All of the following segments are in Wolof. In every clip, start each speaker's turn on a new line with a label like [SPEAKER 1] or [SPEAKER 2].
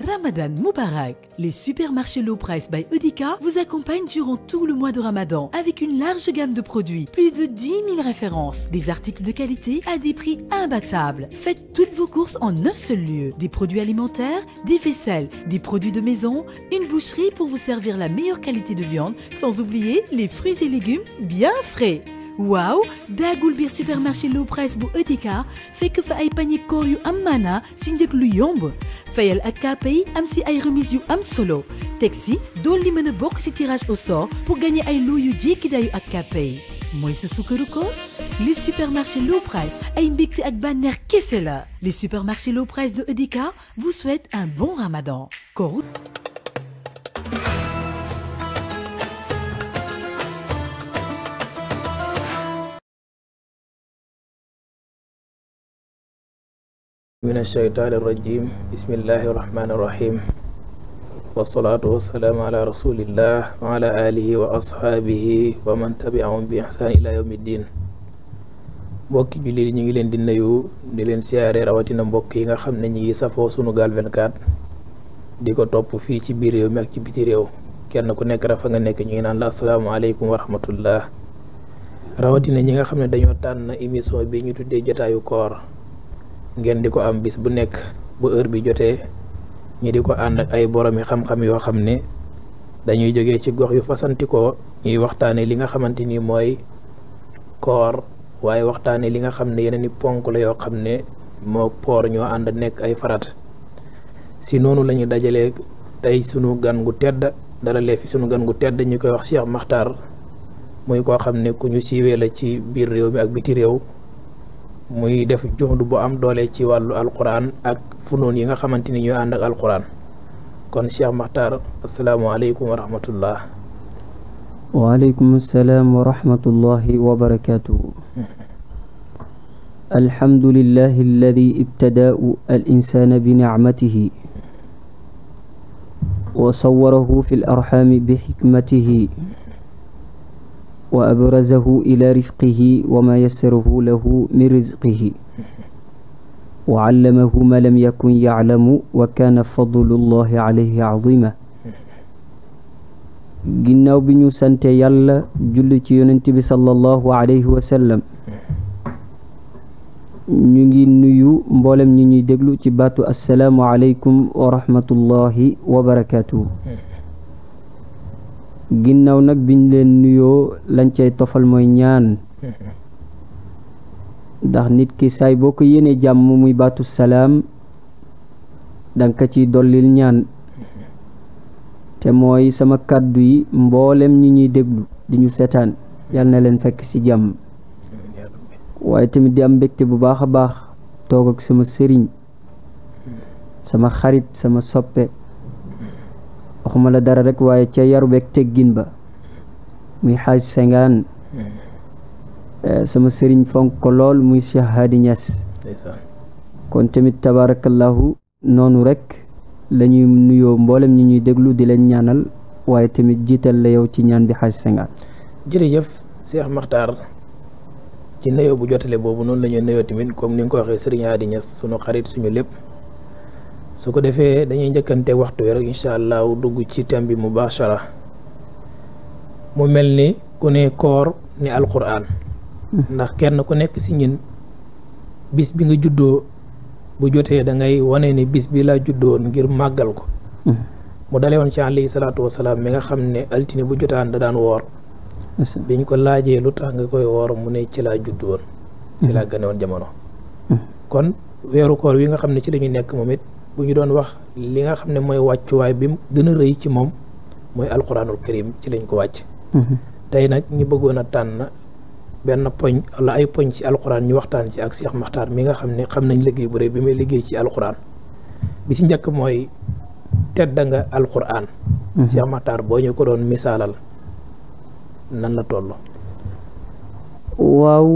[SPEAKER 1] Ramadan Moubarak. Les supermarchés Low Price by Eudika vous accompagnent durant tout
[SPEAKER 2] le mois de Ramadan avec une large gamme de produits, plus de 10 000 références, des articles de qualité à des prix imbattables. Faites toutes vos courses en un seul lieu. Des produits alimentaires,
[SPEAKER 1] des vaisselles, des produits de maison, une boucherie pour vous servir la meilleure qualité de viande, sans oublier les fruits et légumes bien frais. waaw daagul biir supermarché low price
[SPEAKER 3] bu EDK fekk fa ay panier koor yu am maanaa si njëg lu yomb fayal ak
[SPEAKER 2] kàppay am si ay remise yu am solo teg si dool li mën a bokk si tirage au sort pour gagner ay lot yu jékki dayu ak kàppay mooy sa sukkaru koor les supermarchés low
[SPEAKER 1] ay mbégte ak bànneex kese la les supermarchés low price de EDK vous souhaitent un bon
[SPEAKER 2] ramadan
[SPEAKER 3] min alsheytaani irrajim bismillahi irrahmani
[SPEAKER 1] irrahim wassalaatu wassalaamu alihi wa ashaabihi wa man tabiahum bi ihsaan ila yawmi mbokki jullit yi ñu ngi leen di nuyu di leen siyaare rawatina mbokk yi nga xam ne ñi ngi safoo Sunugal 24 di ko topp fii ci biir réew mi ci biti réew kenn ku nekk rafa nga nekk ñu ngi naan la asalaamaaleykum wa rahmatullah rawatina ñi nga xam ne dañoo tànn émission bi ñu tuddee jotaayu koor ngeen di ko am bis bu nekk bu heure bi jotee ñi di ko ànd ak ay boromi xam-xam yoo xam ne dañuy jógee ci gox yu fasantikoo ñuy waxtaanee li nga xamante ni mooy koor waaye waxtaane li nga xam ne yeneen i ponk la yoo xam ne moo poor ñoo ànd nekk ay farat si noonu lañu ñu dajalee tey sunu gan gu tedd dalalee fi sunu gan gu tedd ñu koy wax Cheikh Makhtar muy koo xam ne ku ñu siiwee la ci biir réew mi ak biti réew muy def juxdu bu am doole ci wàllu alquran ak funoon yi nga xamante ni ñoo ànd ak alquran kon Cheikh Makhtar asalaamualeykum wa rahmatullah
[SPEAKER 2] waaleykum salaam wa rahmatullahi wa barakaatuhu alhamdulillahi alladi ibtadaa'u al insaana bi nicmatihi wa sawwarahu fi l arxaami bi xikmatihi wa abrazahu ila rifqihi wa ma yassarahu lahu min rizqihi wa allamahu ma lam yakun yaclamu wa kaana fadlullahi alayhi azima ginnaaw bi ñu sante yàlla julli ci yonent bi sallallahu alayhi wa sallam ñu ngi nuyu mboolem ñu ñuy déglu ci baatu assalaamu alaykum wa rahmatullahi wa barakatuhu ginnaaw nag biñ leen nuyoo lañ cay tofal mooy ñaan ndax nit ki saay boo ko yéenee jàmm muy baatu salaam danga ko ciy dollil ñaan te mooy sama kàddu yi mboolem ñi ñuy déglu di ñu seetaan yal na leen fekk ci jàmm waaye tamit di am mbégte bu baax a baax toog ak sama sëriñ sama xarit sama soppe waxuma la dara rek waaye ca yaru beeg teggin ba muy xaaj sengaan mm. eh, sama sëriñ fonk ko lool muy Cheikh Hadi kon tamit tabaarakallahu noonu rek la ñuy nuyoo mboolem ñi ñuy déglu di leen ñaanal waaye tamit jiital la yow ci ñaan bi xaaj sengaan
[SPEAKER 1] jërëjëf Cheikh Makhtar ci nuyoo bu jotale boobu noonu la ñuy nuyoo tamit comme ni nga ko waxee sëriñ Hadi Niass suñu lépp su ko defee dañuy njëkkante waxtu wi rek incha dugg ci thème bi mubashara mu mel ni ku ne koor ni alquran ndax kenn ku nekk ci ñin bis bi nga juddoo bu jotee da ngay wane ni bis bi laa juddoon ngir màggal ko mu dale woon ci alayhi salaatu wasalaam mi nga xam ne altine bu jotaan da daan woor biñ ko laajee lu tax nga koy woor mu ne ci laa juddoon ci laa gane woon jamono kon weeru koor wi nga xam ne ci lañuy nekk moom it bu ñu doon wax li nga xam ne mooy wàccuwaay bi mu gën a rëy ci moom mooy alquranul karim ci lañ ko wàcc mm-hmm. tey nag ñu bëggoon a tànn benn poñ wala ay poñ ci alquran ñu waxtaan ci ak Cheikh Makhtar mi nga xam ne xam nañ liggéey bu rëy bi may liggéey ci alquran bi ci njëkk mooy tedd nga alquran mm-hmm. Cheikh boo ñu ko doon misaalal nan la toll
[SPEAKER 2] waaw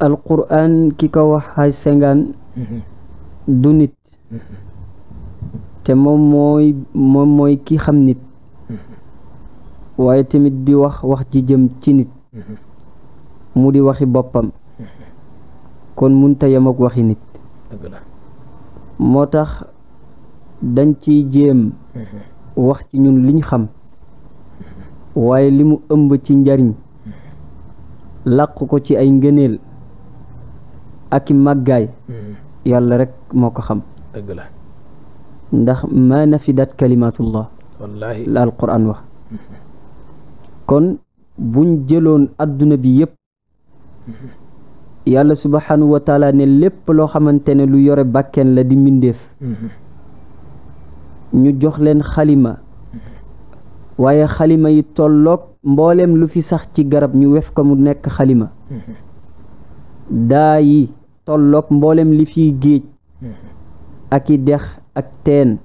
[SPEAKER 2] alquran ki ko wax sengaan mm-hmm. du nit te moom mooy moom mooy ki xam nit waaye tamit di wax wax ji jëm ci nit mu di waxi boppam kon munta yem ak waxi nit moo tax dañ ciy jéem wax ci ñun liñ xam waaye li mu ëmb ci njariñ làq ko ci ay ngëneel ak i màggaay yàlla rekk moo ko xam dëgg ndax ma fi kalimatullah wallaahi la alquran wax kon buñ jëloon àdduna bi yépp yàlla subhanahu wa ne lépp loo xamante ne lu yore bàkken la di mbindeef ñu jox leen xalima waaye xalima yi tolloog mbooleem lu fi sax ci garab ñu wef ko mu nekk xalima daa yi tolloog mboolem li fiy géej mm-hmm. ak i dex ak teen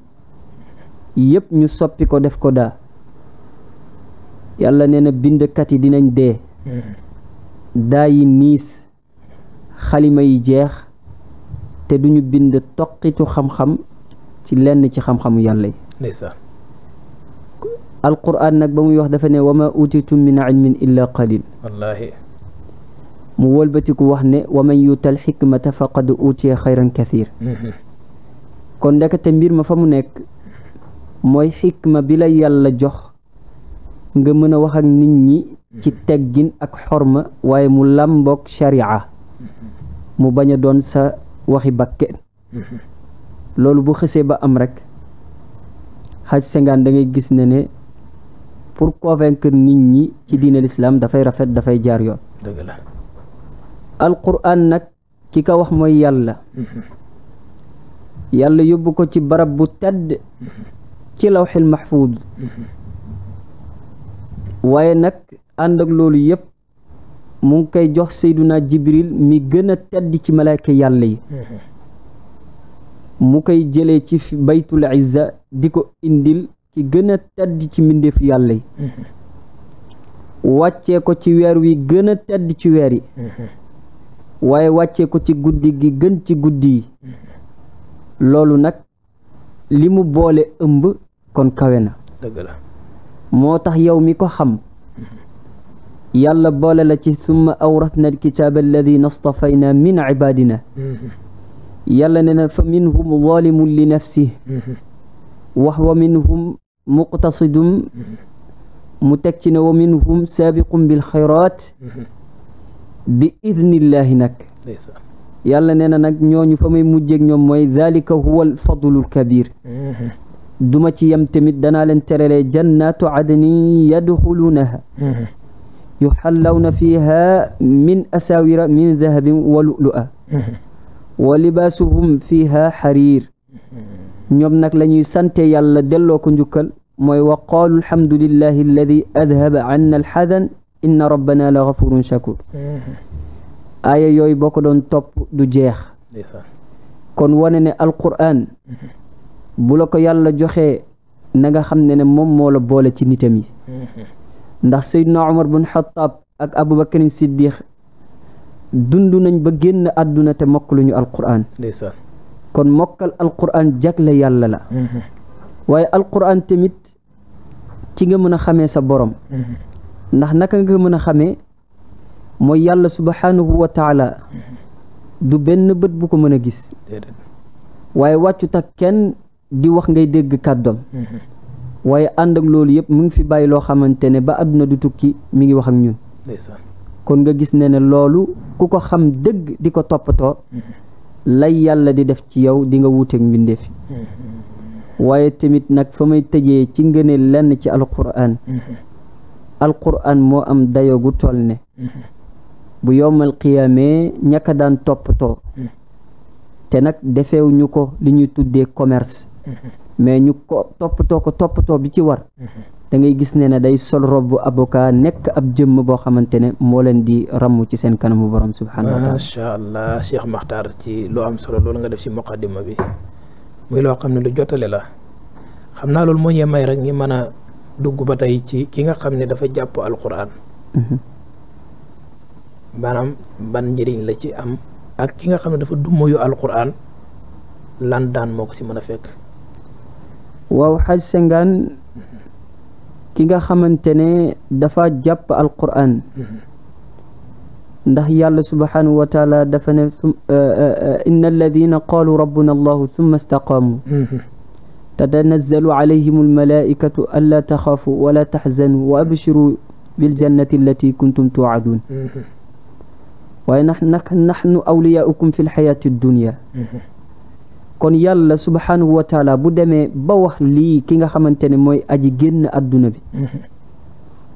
[SPEAKER 2] yépp ñu soppi ko def ko daa yàlla nee na bindkat yi dinañ dee mm-hmm. daa yi niis xalima yi jeex te duñu bind toqitu xam-xam ci lenn ci xam-xamu yàlla yi ba muy wax dafa ne mu wëlbatiku wax ne wa man yuutal xikmata faqad uutiya xayran kathir mm-hmm. kon ndekete mbir ma fa mu nekk mooy xikma bi la yàlla jox nga mën a wax ak nit ñi ci mm-hmm. teggin ak xorma waaye mu làmboog sharia mm-hmm. mu bañ a doon sa waxi bakke loolu bu xësee ba am rekk xaj sengaan da ngay gis ne ne pour kovenk nit ñi ci diine l'islam dafay rafet dafay jaar yoon alquran nag ki ko wax mooy yàlla yàlla yóbbu ko ci barab bu tedd ci lawxil maxfuud waaye nag ànd ak loolu yépp mu ngi koy jox sayduna jibril mi gën tedd ci malaayka yàlla yi mu koy jële ci baytul di ko indil ki gën tedd ci mbindeef yàlla yi wàccee ko ci weer wi gëna tedd ci weer yi waaye wàcce ko ci guddi gi gën ci guddi loolu nag li mu boole ëmb kon kawe na moo tax yow mi ko xam yàlla boole la ci summa awratna alkitaaba alladina stafayna min ibaadina yàlla ne na fa minhum zalimun li nafsih wax wa minhum muqtasidum mu teg ci ne wa minhum saabiqun bilxayraat bi idnillahi nag yàlla nee na nag ñooñu fa muy mujjeeg ñoom mooy dalika huwa alfadlul kabir mhm. duma ci yem tamit danaa leen terale jannaatu adnin yadxuluunaha mhm. yuxallawna fiha min asawira min dahabin wa lu'lu'a mhm. wa libaasuhum fiha xariir ñoom nag la ñuy sante yàlla delloo ko njukkal mooy wa qaalu alhamdulillahi alladi adhaba anna alxadan inna rabbana la ghafurun shakur
[SPEAKER 3] mm-hmm.
[SPEAKER 2] aaya yooyu boo ko doon topp du jeex kon wane ne alquran mm-hmm. bu la ko yàlla joxee na nga xam ne ne moom moo la boole ci nitam yi mm-hmm. ndax Seydina Omar bun Xataab ak Abubakarin Siddiq dund nañ ba génn àdduna te mokkaluñu alquran kon mokkal alquran jagle yàlla la waaye alquran tamit ci nga mën a xamee sa borom ndax naka nga mën a xamee mooy yàlla subhanahu wa taala du benn bët bu ko mën a gis waaye wàccu tak kenn di wax ngay dégg kàddoom mm-hmm. waaye ànd ak loolu yëpp mu ngi fi bàyyi loo xamante ne ba àdduna du tukki mi ngi wax ak ñun kon nga gis ne ne loolu ku ko xam dëgg di ko toppatoo mm-hmm. lay yàlla di def ci yow di nga wuuteeg mbindeef mm-hmm. waaye tamit nag fa may tëje ci ngëneel lenn ci alquran alquran moo am dayo gu toll ne bu yowmal qiyaamee ñakka daan toppatoo te nag defewuñu ko li ñuy tuddee commerce mais ñu ko toppatoo ko toppatoo bi ci war dangay gis ne ne day sol robb avocat nekk ab jëmm boo xamante ne moo leen di ramm ci seen kanamu borom subhaanahu wa taala
[SPEAKER 1] macha allah Cheikh Makhtar ci loo am solo loolu nga def ci muqaddima bi muy loo xam ne lu jotale la xam naa loolu moo ñee may rek ñi mën dugg ba tey ci ki nga xam ne dafa jàpp alquran mhm. maanaam ban njëriñ la ci am ak ki nga xam ne dafa dummayu alquran lan daan moo si mën a fekk
[SPEAKER 2] waaw xaj sengaan ki nga xamante ne dafa jàpp alquran mhm. ndax yàlla subhaanahu wa taala dafa ne eh, eh, eh, inna alladina qaalu rabbuna allahu thumma istaqaamu mhm. te alayhim almalaikatu an laa taxaafu wala taxzanu wa abshiru biljannati allati kuntum tuuaduun waaye nax nag naxnu awliyaaukum fi lxayaati dunia kon yàlla subhaanahu wa taala bu demee ba wax lii ki nga xamante ne mooy aj génn àdduna bi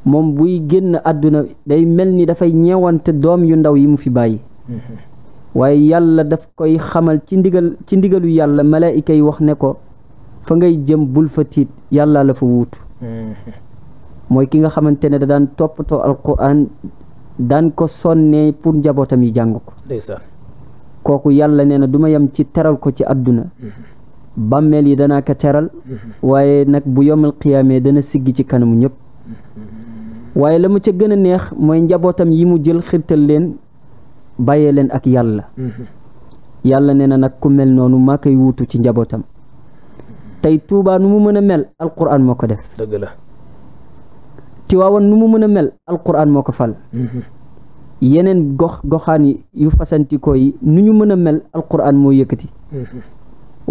[SPEAKER 2] moom buy génn àdduna day mel ni dafay ñeewante doom yu ndaw yi mu fi bàyyi waaye yàlla daf koy xamal ci ndigalu yàlla malaayika yi wax ne ko fa ngay jëm bul fa tiit yàlla la fa wuutu
[SPEAKER 3] mm-hmm.
[SPEAKER 2] mooy ki nga xamante ne da daan toppatoo alquran daan ko sonnee pour njabootam yi jàng ko kooku yàlla ne na du ma yem ci teral ko ci àdduna mm-hmm. bàmmeel yi danaa ko teral mm-hmm. waaye nag bu yomal xiyaamee dana siggi ci kanamu ñëpp waaye la mu ca gën a neex mooy njabootam yi mu jël xirtal leen bàyyee leen ak yàlla yàlla nee na nag ku mel noonu maa koy wuutu ci njabootam tey Touba nu mu mën a mel alquran moo ko def. dëgg la. Tiwaawan nu mu mën a mel alquran moo ko fal. Mm-hmm. yeneen gox goxaan yi yu fasantikoo yi nu ñu mën a mel alquran moo yëkkati. Mm-hmm.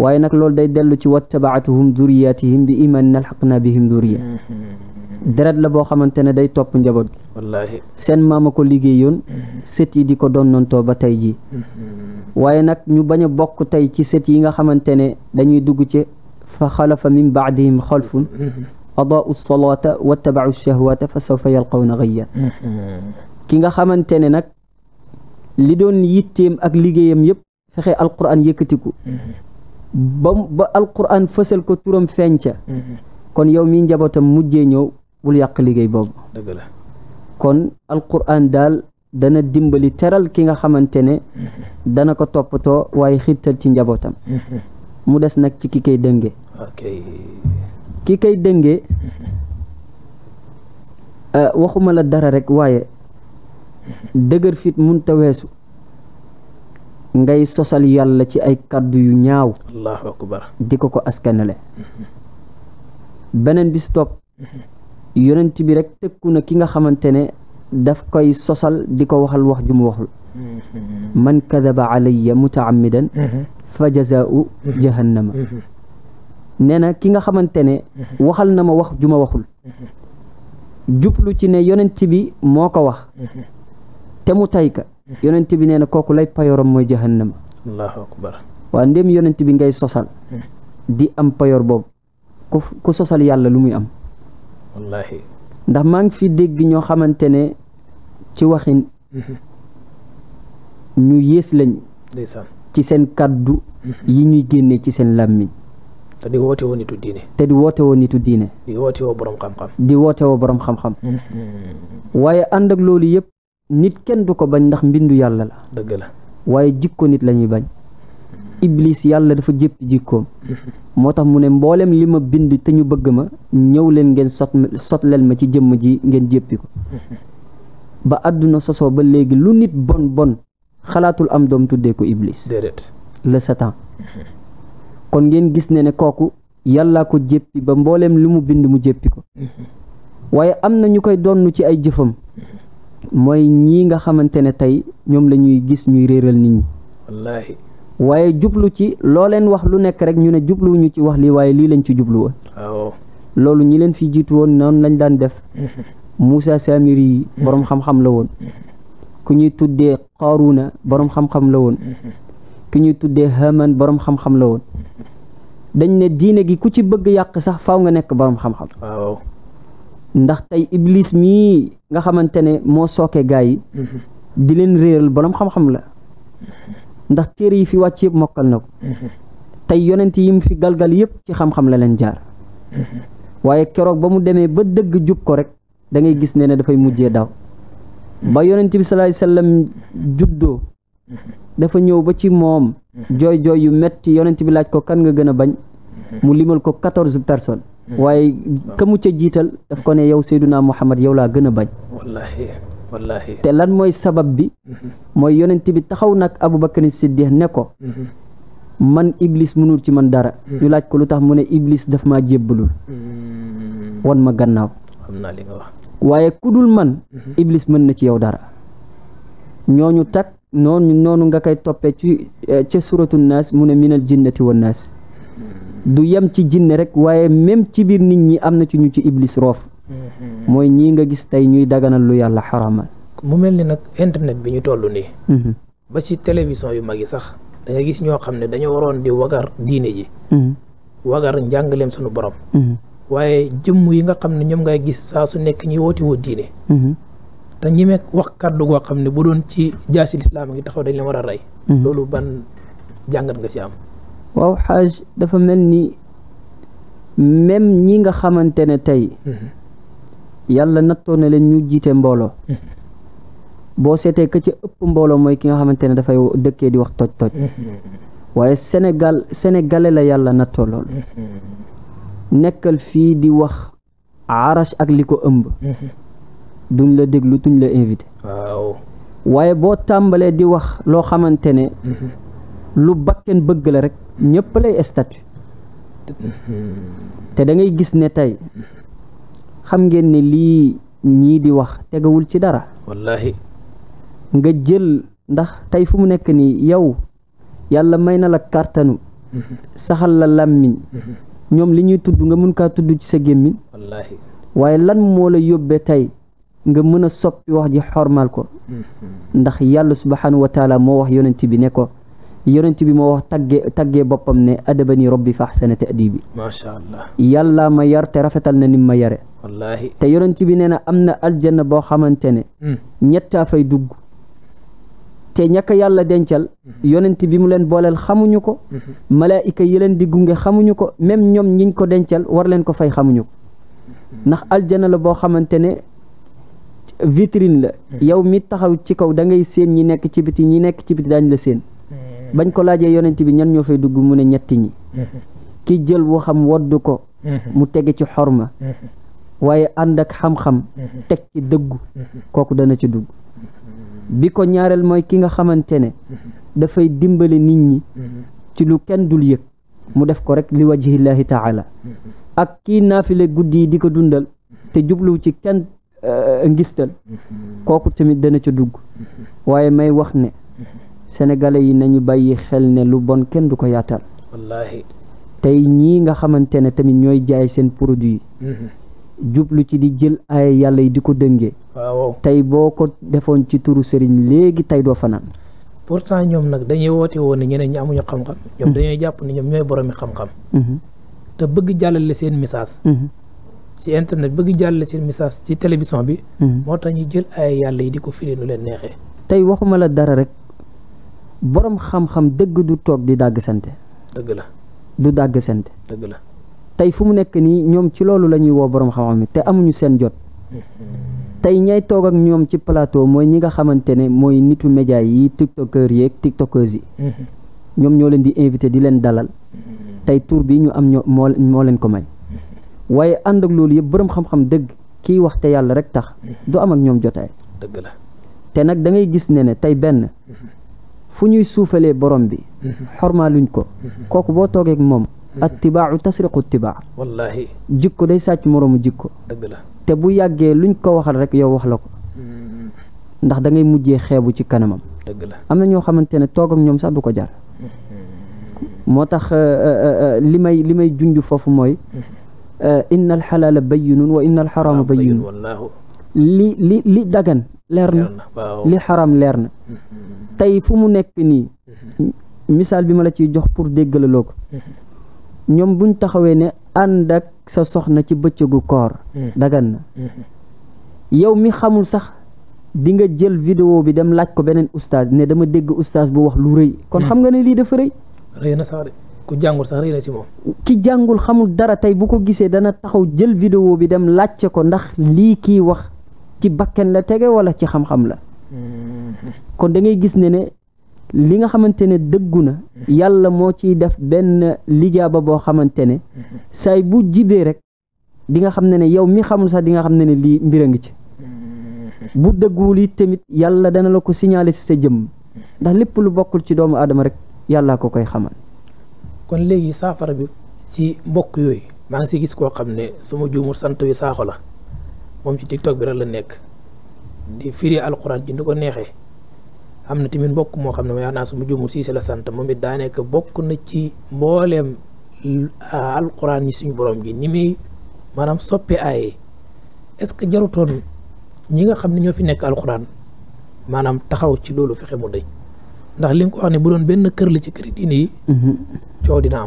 [SPEAKER 2] waaye nag loolu day dellu ci wattabaatuhum duriyatihim bi imanin bi bihim duriya mm-hmm. deret la boo xamante ne day topp njaboot gi wallaahi maam a ko liggéeyoon sët yi di ko doon nontoo ba tey jii waaye nag ñu bañ a bokk tey ci sët yi nga xamante ne dañuy dugg ci fa xalafa min baadihim xalfun adaau salaata wattabau shahwaata fa sawfa yalqawna gayya ki nga xamante ne nag li doon yitteem ak liggéeyam yëpp fexe alquran yëkkatiku ba ba alquran ko turam feeñ kon yow mi njabootam mujjee ñëw bul yàq liggéey boobu dëgg kon alquran daal dana dimbali teral ki nga xamante ne dana ko toppatoo waaye xiirtal ci njabootam mu des nag ci ki kay dënge ki kay dënge euh, waxuma la dara rek waaye dëgër fit munta weesu ngay sosal yàlla ci ay kàddu yu ñaaw allahu di ko ko askanale beneen bi si yonent bi rek tëkku na ki nga xamante ne daf koy sosal di ko waxal wax ju mu waxul
[SPEAKER 3] mhm.
[SPEAKER 2] man kadaba alayya mutaamidan mhm. fa jazaau jahannama nee na ki nga xamante ne waxal na ma wax ju ma waxul jublu ci ne yonent bi moo ko wax te mu tay ka yonent bi nee na kooku lay payoram mooy jahannama
[SPEAKER 1] allahu akbar
[SPEAKER 2] waa ndéem yonent bi ngay sosal di am payor boobu ku sosal yàlla lu muy am ndax maa ngi fi dégg ñoo xamante ne ci waxin mhm. ñu yées lañ ci seen kàddu yi ñuy génnee ci seen làmmiñ
[SPEAKER 1] te di woote woo nitu diine.
[SPEAKER 2] te di woote woo nitu diine.
[SPEAKER 1] di woote woo borom xam-xam.
[SPEAKER 2] di woote borom xam-xam.
[SPEAKER 3] Mm-hmm.
[SPEAKER 2] waaye ànd ak loolu yëpp nit kenn du ko bañ ndax mbindu yàlla la. dëgg la waaye jikko nit la ñuy bañ. iblis yàlla dafa jëppi jikkoom. Mm-hmm. moo tax mu ne mbooleem li ma bind te ñu bëgg ma ñëw leen ngeen sot sotleel ma ci jëmm ji ngeen jëppi ko. Mm-hmm. ba àdduna sosoo ba léegi lu nit bon bon xalaatul am doom tuddee ko Iblis. déedéet le satan. kon ngeen gis ne ne kooku yàllaa ko jéppi ba mbooleem li mu bind mu jéppi ko. waaye am na ñu koy donn ci ay jëfam. mooy ñii nga xamante ne tey ñoom lañuy gis ñuy réeral nit ñi. waaye jublu ci loo leen wax lu nekk rek ñu ne ñu ci wax lii waaye lii lañ ci jublu woon. loolu ñi leen fi jiitu woon noonu lañ daan def. Moussa Samiri yi borom xam-xam la woon. ku ñuy tuddee Qaaruna borom xam-xam la woon ku ñuy tuddee Haman borom xam-xam la woon dañ ne diine gi ku ci bëgg yàq sax faw nga nekk borom xam-xam. ndax tey Iblis mii nga xamante ne moo sooke gaa yi. di leen réeral boroom xam-xam la ndax téere yi fi wàcc yëpp mokkal na ko. tey yonent yi mu fi galgal yëpp ci xam-xam la leen jaar. waaye keroog ba mu demee ba dëgg jub ko rek da ngay gis ne ne dafay mujjee daw ba yonent bi salaay sallam juddoo dafa ñëw ba ci moom jooy jooy yu metti yonent bi laaj ko kan nga gën a bañ mu limal ko quatorze personnes waaye ka mu ca jiital daf ko ne yow Seyduna Muhammad yow laa gën a bañ te lan mooy sabab bi mooy yonent bi taxaw nag Abubakar Siddiq ne ko man iblis mënul ci man dara ñu laaj ko lu tax mu ne iblis daf maa jébbalul hmm. wan ma gannaaw waaye ku dul man mhm. iblis mën na ci yow dara ñoo ñu takk noonu noonu nga koy toppe ci eh, ca naas mu ne minal jinnati wan naas mhm. du yem ci jinne rek waaye même ci biir nit ñi am na ci ñu ci iblis roof mhm. mooy ñii nga gis tey ñuy daganal lu yàlla xaraamal
[SPEAKER 1] mu mel ni nag internet bi ñu toll
[SPEAKER 2] nii
[SPEAKER 1] ba ci télévision yu mag yi sax da gis ñoo xam ne dañoo waroon di wagar diine ji wagar njàngaleem sunu borom waaye jëmm yi nga xam ne ñoom ngay gis saa su nekk ñi woote woo diine mhm. te ñi wax kàddu goo xam ne bu doon ci jaasi lislaam ngi taxaw dañ la war a rey mhm. loolu ban jàngat nga ci am
[SPEAKER 2] waaw xaaj dafa mel ni même ñi nga xamante ne tey mhm. yàlla nattoo ne leen ñu jiite mbooloo boo seetee ka ci ëpp mbooloo mooy ki nga xamante ne dafay dëkkee di wax toj toj waaye Sénégal sénégalais la yàlla nattoo lool nekkal fii di wax arash ak li ko ëmb duñ la déglu tuñ la invité waaye boo tàmbalee di wax loo xamante ne lu bakken bëgg la rek ñëpp lay statut te da ngay gis ne tey xam ngeen ne lii ñii di wax tegawul ci dara nga jël ndax tey fu mu nekk nii yow yàlla may na la kàttanu saxal la làmmiñ ñoom li ñuy tudd nga mën kaa tudd ci sa gémmiñ wallaahi waaye lan moo la yóbbee tey nga mën a soppi wax ji xormaal ko mm-hmm. ndax yàlla subhaanahu wa taala moo wax yonent bi ne ko yonent bi moo wax tagge taggee boppam ne adabani rabbi fa ahsana ta'dibi macha allah yàlla ma yar te rafetal na nim ma yare wallaahi te yonent bi nee na am na aljanna boo xamante ne mm. ñettaa fay dugg te ñàkk yàlla dencal mhm. yonent bi mu leen booleel xamuñu ko mhm. malaayika yi leen di gunge xamuñu ko même ñoom ñiñ ko dencal war leen ko fay xamuñu ko mhm. ndax aljana la boo xamante ne vitrine la yow mi taxaw ci kaw da ngay séen ñi nekk ci biti ñi nekk ci biti daañ la séen bañ ko laajee yonent bi ñan ñoo fay dugg mu ne ñetti ñi ki jël xam wodd ko mu tege ci ma waaye ànd ak xam-xam teg ci dëggu kooku dana ci dugg bi ko ñaareel mooy ki nga xamante ne dafay dimbali nit ñi ci lu kenn dul yëg mu def ko rek li wajhillahi taala ak kii naafile guddi yi di ko dundal te jubluwu ci kenn euh, ngistal kooku tamit dana ca dugg waaye may wax ne sénégalais yi nañu bàyyi xel ne lu bon kenn du ko yaatal wallaahi tey ñii nga xamante ne tamit ñooy jaay seen produit yi jublu ci di jël ay yàlla yi di ko dëngee. waaw tey boo ko defoon ci turu sëriñ léegi tey doo fanaan.
[SPEAKER 1] pourtant ñoom nag dañuy woote woon ne ñeneen ñi amuñu xam-xam. ñoom mm-hmm. dañuy jàpp ne ñoom ñooy boromi xam-xam. Mm-hmm. te bëgg jàllale seen message. ci mm-hmm. internet bëgg jàllale seen message ci télévision
[SPEAKER 2] bi. moo
[SPEAKER 1] tax ñuy jël ay yàlla yi di ko firi nu leen neexee.
[SPEAKER 2] tey waxuma la dara rek borom xam-xam dëgg du toog di dàgg sante. dëgg la du dàgg sante. dëgg la. tey fu mu nekk nii ñoom ci loolu la ñuy woo borom xam-xam te amuñu seen jot tey ñay toog ak ñoom ci plateau mooy ñi nga xamante ne mooy nitu média yi tiktokeur yeeg tiktokeuses yi ñoom ñoo leen di invité di leen dalal tey tour bi ñu am ñoo moo moo leen ko may waaye ànd ak loolu yëpp borom xam-xam dëgg kiy wax te yàlla rek tax du am ak ñoom jot ay la te nag dangay gis ne ne tey benn fu ñuy suufalee boroom bi xormaaluñ ko kooku boo toogeek moom attibaacu tasriqu attibaa wallaahi jikko day sàcc moroomu jikko dëgg la te bu yàggee luñ ko waxal rek yow wax la ko ndax dangay ngay mujjee xeebu ci kanamam dëgg la am na ñoo xamante ne toog ak ñoom sax du ko jar moo tax euh, euh, euh, li may li may junj foofu mooy inna alxalaala bayyinun wa inna alxaraama bayyinun li li li dagan leer na li xaram leer na mm-hmm. tey fu mu nekk nii misaal bi ma la ciy jox pour déggalaloo ko ñoom ñu taxawee ne ànd ak sa soxna ci bëccëgu koor mm. dagan na mm-hmm. yow mi xamul sax dinga jël vidéo bi dem laaj ko beneen oustaz ne dama dégg oustaz bu wax lu rëy kon mm. xam nga ne lii dafa
[SPEAKER 1] rëy na sax ku jàngul sax rëy na
[SPEAKER 2] ki jàngul xamul dara tey bu ko gisee dana taxaw jël vidéo bi dem laajte ko ndax lii kii wax ci bakken la tege wala ci xam-xam la mm-hmm. kon da gis ne ne li nga xamante ne dëggu na mm-hmm. yàlla moo ciy def benn lijaaba boo xamante ne mm-hmm. saay bu jibee rek di nga xam ne ne yow mi xamul sax di nga xam ne ne lii mbir a ngi ci mm-hmm. bu dëgguwul it tamit yàlla dana la ko siñaale si sa jëmm ndax lépp lu bokkul ci doomu aadama rek yàlla ko koy xamal
[SPEAKER 1] kon léegi saafara bi ci mbokk yooyu maa ngi si gis koo xam ne suma juumur sant yu saaxo la moom ci tiktok bi rek la nekk di firi alxuraan ji ni ko neexee am na tamit mbokk moo xam ne ma yaa naa sama jumu siise la sant moom it daa nekk bokk na ci mbooleem alquran ah yi suñu boroom ji ni muy maanaam soppe aaye est-ce que jarutoon ñi nga xam ne ñoo fi nekk alquran maanaam taxaw ci loolu fexe mu dañ ndax li nga ko wax bu doon benn kër la ci këri diine mhm.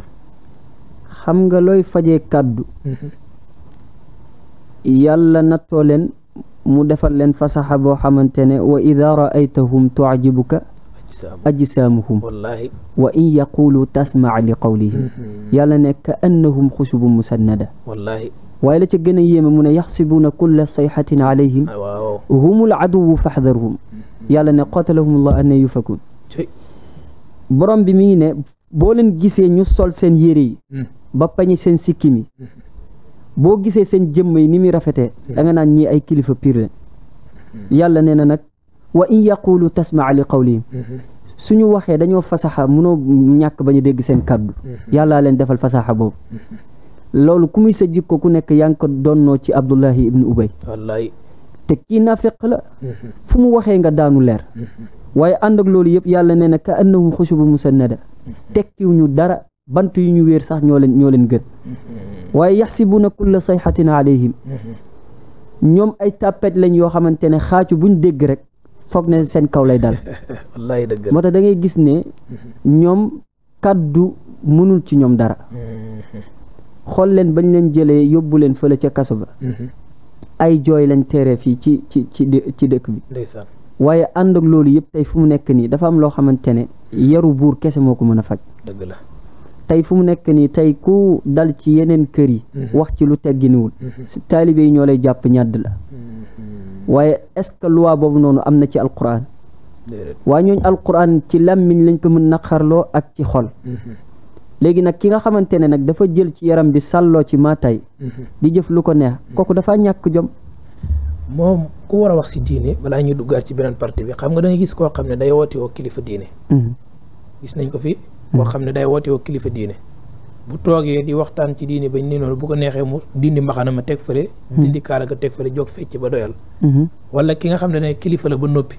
[SPEAKER 2] xam nga looy fajee kàddu mhm. yàlla nattoo leen mu defal leen fasaxa boo xamante ne wa ida raaytahum tuajibuka ajsaamuhum wa in yaqulu tasmaa li qawlihim mm-hmm. yàlla ne ka annahum xushubun musannada waaye la ca gën a yéeme mu ne yaxsibuuna kulla sayxatin alayhim humul aduwu faxdarhum mm-hmm. yàlla ne qatalahum allah anna yufakun borom bi mi ngi ne boo leen gisee ñu sol seen yére yi mm. ba pañe seen sikkim yi mm-hmm. boo gisee seen jëmm yi ni muy rafetee danga nga naan ñii ay kilifa piir yàlla nee na nag wa in yaqulu tasmaa li qawlihim suñu waxee dañoo fasaxa mënoo ñàkk ba ñu dégg seen kàddu yàllaa leen defal fasaxa boobu loolu ku muy sa ko ku nekk yaa ngi ko donnoo ci abdullahi ibnu ubay te kii nafiq la fu mu waxee nga daanu leer waaye ànd ak loolu yëpp yàlla nee na ka annahum xushubun musannada tekkiwuñu dara bant yu ñu wéer sax ñoo leen ñoo leen gën
[SPEAKER 3] mm-hmm.
[SPEAKER 2] waaye yaxsibuuna kulla sayxatin alayhim
[SPEAKER 3] mm-hmm.
[SPEAKER 2] ñoom ay tàppet lañ yoo xamante ne xaacu buñ dégg rek foog ne seen kaw lay dal
[SPEAKER 1] wallaay dëgg moo tax
[SPEAKER 2] gis ne mm-hmm. ñoom kàddu mënul ci ñoom dara xool leen bañ leen jëlee yóbbu leen fële ca kaso ba ay jooy lañ teeree fii ci ci ci ci dëkk bi waaye àndak loolu yëpp tey fu mu nekk nii dafa am loo xamante ne yaru buur kese moo ko mën a faj dëgg la tey fu mu nekk nii tey ku dal ci yeneen kër yi mhm. wax ci lu tegginuwul mhm. taalibe yi ñoo lay jàpp ñàdd la mhm. waaye est-ce que loi boobu noonu am na ci alxuraan waa ñooñ alquran ci làmmiñ lañ ko mën naqarloo ak ci xol léegi nag ki nga xamante ne nag dafa jël ci yaram bi sàlloo ci maatay di jëf lu ko neex kooku dafa ñàkk jom
[SPEAKER 1] moom ku war a wax si diine balaa ñuy duggaat ci beneen parti bi xam nga dangay gis koo xam ne day woote woo kilifa diine gis nañ ko fi boo xam ne day woote woo kilifa diine bu toogee di waxtaan ci diine bañ ne noonu bu ko neexee mu dindi mbaxana ma teg fële hmm. dindi kaala ga teg fële jóg fecc ba doyal hmm. wala ki nga xam ne ne kilifa la ba noppi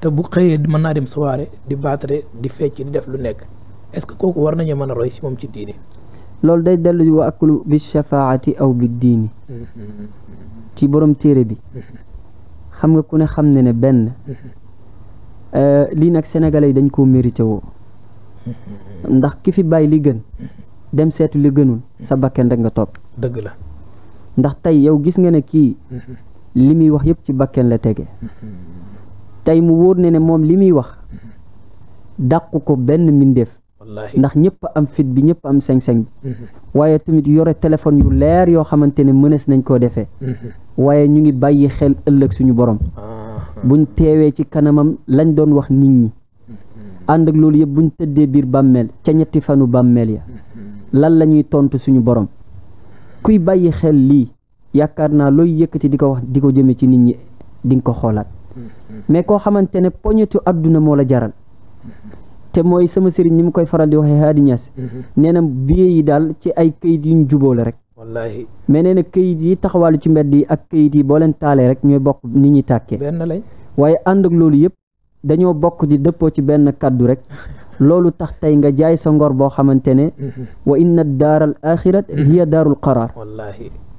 [SPEAKER 1] te bu xëyee mën naa dem soirée di baatare di fecc di def lu nekk est-ce que kooku war nañu mën a roy si moom ci diine
[SPEAKER 2] loolu day dellu wa aklu bi shafaati aw bi diini hmm. ci borom téere bi xam nga ku ne xam ne ne benn euh, lii nag sénégalais yi dañ koo mérité woo ndax ki fi bàyyi li gën dem seetu li gënul sa bakken rek nga topp dëgg la ndax tey yow gis nga ne kii li muy wax yëpp ci bakken la tege tey mu wóor ne ne moom li muy wax dàqu ko benn mbindeef ndax ñëpp am fit bi ñëpp am sañ-sañ bi waaye tamit yore téléphone yu leer yoo xamante ne mënees nañ koo defee waaye ñu ngi bàyyi xel ëllëg suñu borom ah. buñ teewee ci kanamam lañ doon wax nit ñi ànd ak loolu yëpp bu ñu tëddee biir bàmmeel ca ñetti fanu bàmmeel ya lan la ñuy tontu suñu borom kuy bàyyi xel lii yaakaar naa looy yëkkati di ko wax di ko jëme ci nit ñi di nga ko xoolaat mais koo xamante ne poñetu àdduna moo la jaral te mooy sama sëriñ ni mu koy faral di waxee Haadi Ñas nee na biye yi daal ci ay këyit yuñ jubóole rek wallaahi mais na këyit yi taxawaalu ci mbedd yi ak këyit yi boo leen taalee rek ñooy bokk ni ñuy tàkkee benn waaye ànd ak loolu yëpp dañoo bokk di dëppoo ci benn kàddu rekk loolu tax tey nga jaay sa ngor boo xamante ne wa na daaral axirat hiya daarul qaraar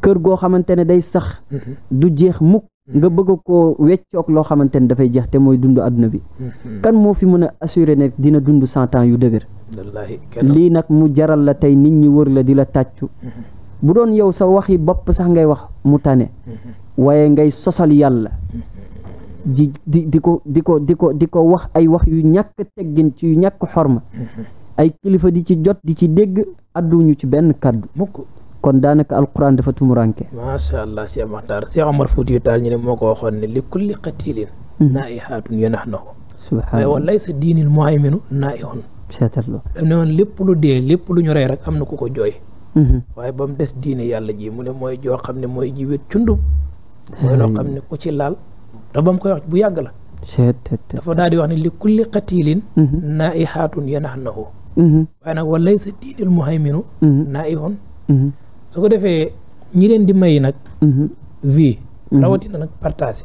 [SPEAKER 2] kër goo xamante ne day sax du jeex mukk nga bëgg ko weccoog loo xamante ne dafay jeex te mooy dund àdduna bi kan moo fi mën a assurer ne dina dund cent yu dëgër lii nag mu jaral la tey nit ñi wër la di la tàccu bu doon yow sa wax waxi bopp sax ngay wax mu tane waaye ngay sosal yàlla di di di ko di ko di ko di ko wax ay wax yu ñàkk teggin ci yu ñàkk xorma ay kilifa di ci jot di ci dégg adduñu ci benn kàddu kon daanaka alquran dafa tumuranke
[SPEAKER 1] macha allah si amaxtaar si Omar Fuutiyu Taal moo ko waxoon ne li kulli qatilin mhm. naihatun yanahnahu
[SPEAKER 2] subhanallah wallaay
[SPEAKER 1] sa diinil muhayminu naihun seetaloo dam ne lépp lu dee rek am na ku ko jooy mhm. yàlla ji mu ne mooy joo xam ne mooy ji wét xam
[SPEAKER 2] ne
[SPEAKER 1] ku ci laal te ba mu koy wax bu yàgg la dafa daal di wax ne li kulli qatilin mm-hmm. naihatun yanahnahu mm-hmm. waaye nag walay sa diinil muhayminu mm-hmm. naihun su ko defee ñi leen di may nag vie rawatina nag partage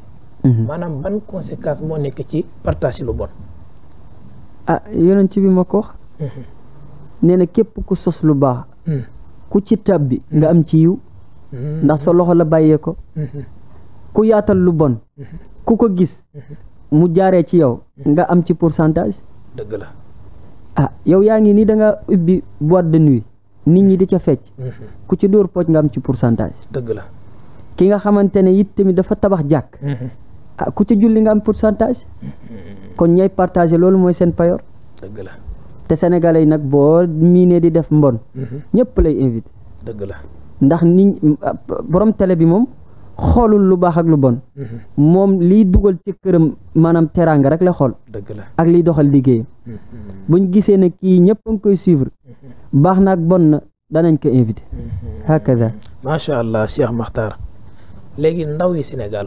[SPEAKER 1] maanaam ban conséquence moo nekke ci partage lu bon
[SPEAKER 2] ah yonent bi ma ko nee na képp ku sos lu baax mm. ku ci tàbbi nga am ci yiw ndax sa loxo la bàyyee ko ku yaatal lu bon ku ko gis mu jaaree ci yow nga am ci pourcentage dëgg la ah yow yaa ngi nii da nga ubbi boîte de nuit nit ñi di ca fecc mhm. ku ci dóor pooj nga am ci pourcentage dëgg la ki nga xamante ne it tamit dafa tabax jàkk mhm. ah ku ci julli nga am pourcentage mhm. kon ñay partagé loolu mooy seen payoor dëgg la te sénégalais yi nag boo miinee di def mbon ñëpp lay invité ndax ni ah, borom télé bi moom xoolul lu baax ak lu bon mhm. moom liy dugal ci këram maanaam teraanga rek la xool ak liy doxal liggéey mhm. buñ gisee ne kii ñëpp koy suivre mhm. baax na ak bon na danañ ko invité hakada
[SPEAKER 1] macha allah Cheikh Makhtar léegi ndaw yi Sénégal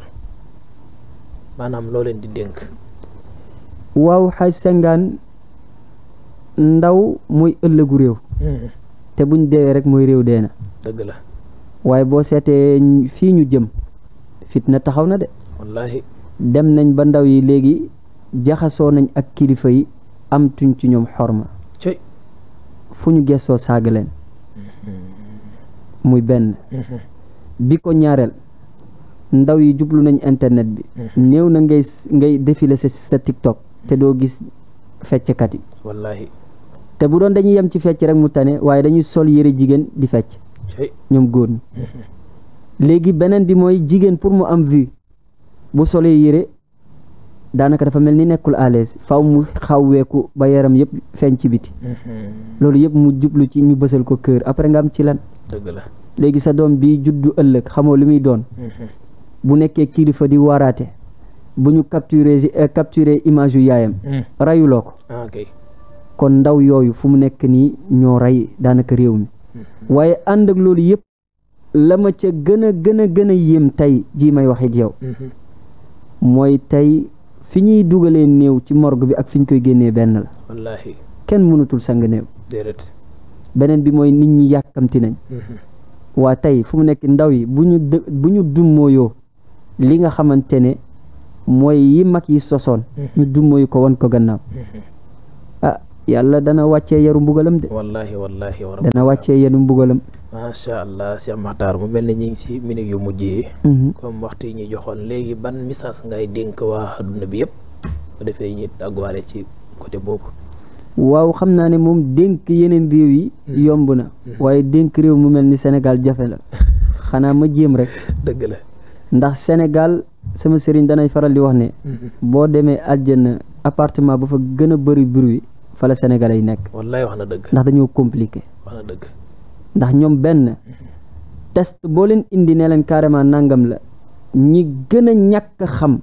[SPEAKER 1] maanaam loo leen di dénk
[SPEAKER 2] waaw xaj sengaan ndaw mooy ëllëgu réew te buñ deewee rek mooy réew dee na dëgg la waaye boo seetee fii ñu jëm fitna taxaw na de dem nañ ba ndaw yi léegi jaxasoo nañ ak kilifa yi am tuñ ci ñoom xorma fu ñu gessoo saaga leen muy benn bi ko ñaareel ndaw yi jublu nañ internet bi néew na ngay ngay défilé sa tiktok te doo gis fecckat yi wallaahi te bu doon dañuy yem ci fecc rek mu tane waaye dañuy sol yére jigéen di fecc ñoom góor ñi léegi beneen bi mooy jigéen pour mu am vue bu solee yére daanaka dafa mel ni nekkul à l'aise faaw mu xaw weeku ba yaram yëpp feeñ ci biti mm-hmm. loolu yëpp mu jublu ci ñu bësal ko kër après nga am ci lan dëgg léegi sa doom bi juddu ëllëg xamoo li muy doon mm-hmm. bu nekkee kilifa di waraate bu ñu capturer eh, image yu yaayam mm. rayuloo ko ah, kon ndaw yooyu fu mu nekk nii ñoo rey daanaka réew mi mm-hmm. waaye ànd ak loolu yëpp la ma ca gën a gën a gën a yéem tey jii may wax ak yow mm-hmm. mooy tey fi ñuy dugalee néew ci morgo bi ak fi ñu koy génnee benn la kenn mënatul sang néew déedéet beneen bi mooy nit ñi yàkkamti nañ mm-hmm. waa tey fu mu nekk ndaw yi bu ñu dë li nga xamante ne mooy yi mag yi sosoon mm-hmm. ñu dummóoyu ko wan ko gannaaw ah yàlla dana wàccee yaru mbugalam de wallaahi wallaahi dana wàcce yaru mbugalam
[SPEAKER 1] macha allah Cheikh Makhtar mu mel ni ñu ngi si minute yu mujj yi. Mhm. comme waxtu yi ñu joxoon léegi ban message ngay dénk waa adduna bi yëpp bu defee ñi àgguwaale ci côté boobu.
[SPEAKER 2] waaw xam naa ne moom dénk yeneen réew yi. Mhm. yomb na. Mhm. waaye dénk réew mu mel ni Sénégal jafe la xanaa ma jéem rek. dëgg la ndax Sénégal sama sëriñ danay faral di wax ne. boo demee àjjana appartement ba fa gën a bëri bruit fa la Sénégalais yi nekk. wallaay wax na dëgg. ndax dañoo compliqué. wax dëgg. ndax ñoom benn test boo leen indi ne leen carrément nangam la ñi gën a ñàkk xam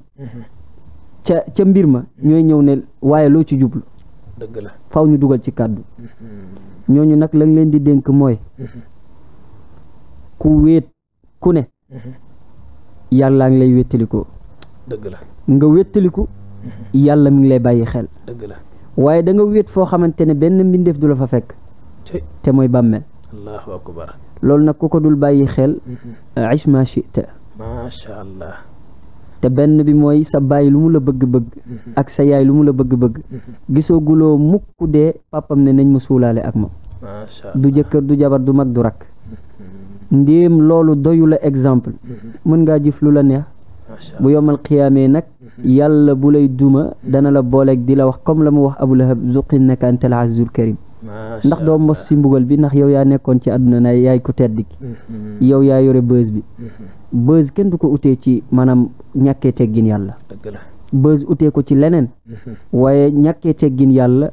[SPEAKER 2] ca ca mbir ma ñooy ñëw ne waaye loo ci jublu dëgg la faw ñu dugal ci kàddu mm-hmm. ñooñu nag lañ leen di dénk mooy mm-hmm. ku wéet ku ne mm-hmm. yàllaa ngi lay wéttalikoo dëgg la nga wéttaliku yàlla mi ngi lay bàyyi xel dëgg la waaye da nga wéet foo xamante ne benn mbindeef du la fa fekk te mooy bàmmeel
[SPEAKER 1] loolu
[SPEAKER 2] nag ku ko dul bàyyi xel uh, ish ma chita
[SPEAKER 1] allah
[SPEAKER 2] te benn bi mooy sa baay lu mu la bëgg-bëgg ak sa yaay lu mu la bëgg-bëgg gisoo guloo mukk dee pàppam ne nañ ma suulaale ak moom du jëkkër du jabar du mag du rakk ndéem loolu doyul a exemple mën ngaa jëf lu la neex bu yomal xiyaamee nag yàlla bu lay duuma dana la booleeg di la wax comme la mu wax abula lahab zuqin naka antal azizul karim ndax doo mos si mbugal bi ndax yow yaa nekkoon ci àdduna na yaay ko tedd ki mm, mm, mm. yow yaa yore bës bi bës kenn du ko utee ci maanaam ñàkkee teggin yàlla bës utee ko ci leneen waaye ñàkkee teggin yàlla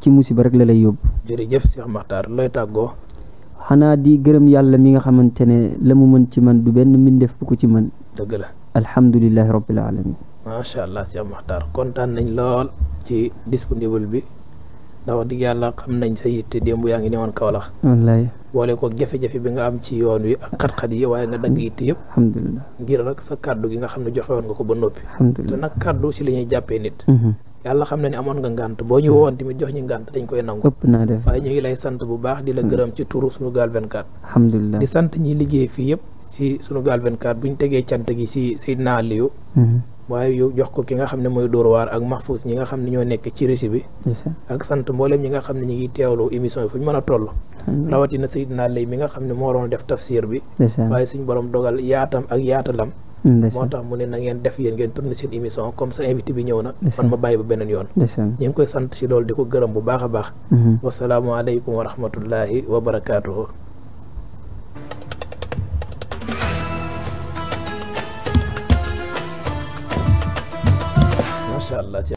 [SPEAKER 2] ci musiba rek la lay yóbbu
[SPEAKER 1] jërëjëf Cheikh Makhtar looy tàggoo
[SPEAKER 2] xanaa di gërëm yàlla mi nga xamante ne la mu mën ci man du benn mbindeef bu ko ci man dëgg la alhamdulilahi rabbil alamin
[SPEAKER 1] macha allah Cheikh lool ci disponible bi ndax wax dëgg yàlla xam nañ sa yitte démb yaa ngi newoon Kaolack wallaay boole ko jafe-jafe bi nga am ci yoon wi ak xat-xat yi waaye nga dagg yitte yëpp alhamdulilah ngir rek sa kàddu gi nga xam ne joxe woon nga ko ba noppi te nag kàddu si la ñuy jàppee nit mhm. yàlla xam na ne amoon nga ngànt boo ñu woon tamit jox ñu ngànt dañ koy nangu ëpp waaye ñu ngi lay sant bu baax di la mm. gërëm ci turu Sunugal 24
[SPEAKER 2] alhamdulilah di
[SPEAKER 1] sant ñi liggéey fii yëpp si Sunugal 24 bu ñu tegee cant gi si waaye yu jox ko ki nga xam ne mooy Dóor waar ak Mahfouz ñi nga xam ne ñoo nekk ci rési bi ak sant mboolem ñi nga xam ne ñu ngi teewlu émission bi fu ñu mën a toll rawatina Seydina Lay mi nga xam ne moo waroon def tafsir bi waaye suñ borom dogal yaatam ak yaatalam mm, moo tax mu ne na ngeen def yéen ngeen tourné seen émission comme sa invité bi ñëw na man ma bàyyi ba beneen yoon ñu ngi koy sant ci loolu di ko gërëm bu baax a baax mm-hmm. wasalaamualeykum wa rahmatullahi wa barakaatuhu incha allah